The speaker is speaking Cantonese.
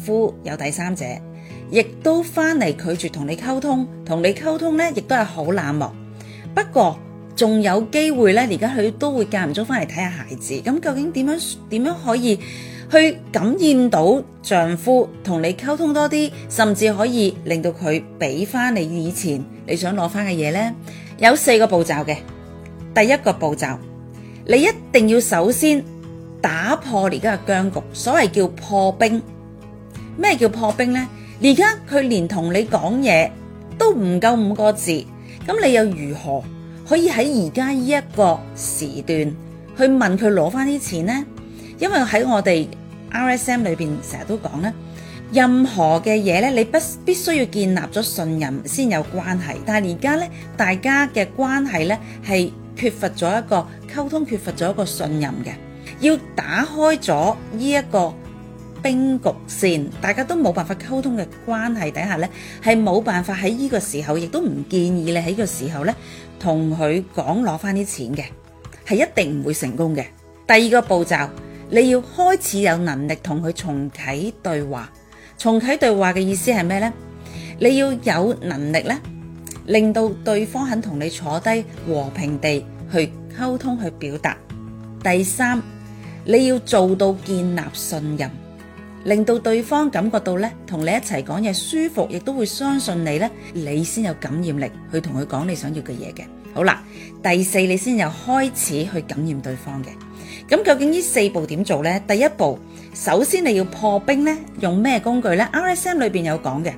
夫有第三者，亦都翻嚟拒絕同你溝通，同你溝通咧，亦都係好冷漠。不過仲有機會咧，而家佢都會間唔中翻嚟睇下孩子。咁究竟點樣點樣可以去感染到丈夫同你溝通多啲，甚至可以令到佢俾翻你以前你想攞翻嘅嘢咧？有四個步驟嘅，第一個步驟，你一定要首先打破而家嘅僵局，所謂叫破冰。咩叫破冰呢？而家佢連同你講嘢都唔夠五個字，咁你又如何可以喺而家呢一個時段去問佢攞翻啲錢呢？因為喺我哋 RSM 裏邊成日都講咧，任何嘅嘢咧，你不必須要建立咗信任先有關係。但係而家咧，大家嘅關係咧係缺乏咗一個溝通，缺乏咗一個信任嘅，要打開咗呢一個。冰局線，大家都冇辦法溝通嘅關係底下呢，係冇辦法喺呢個時候，亦都唔建議你喺呢個時候呢同佢講攞返啲錢嘅，係一定唔會成功嘅。第二個步驟，你要開始有能力同佢重啟對話。重啟對話嘅意思係咩呢？你要有能力呢令到對方肯同你坐低和平地去溝通去表達。第三，你要做到建立信任。令到對方感覺到咧，同你一齊講嘢舒服，亦都會相信你咧，你先有感染力去同佢講你想要嘅嘢嘅。好啦，第四，你先有開始去感染對方嘅。咁究竟呢四步點做咧？第一步，首先你要破冰咧，用咩工具咧？RSM 裏面有講嘅。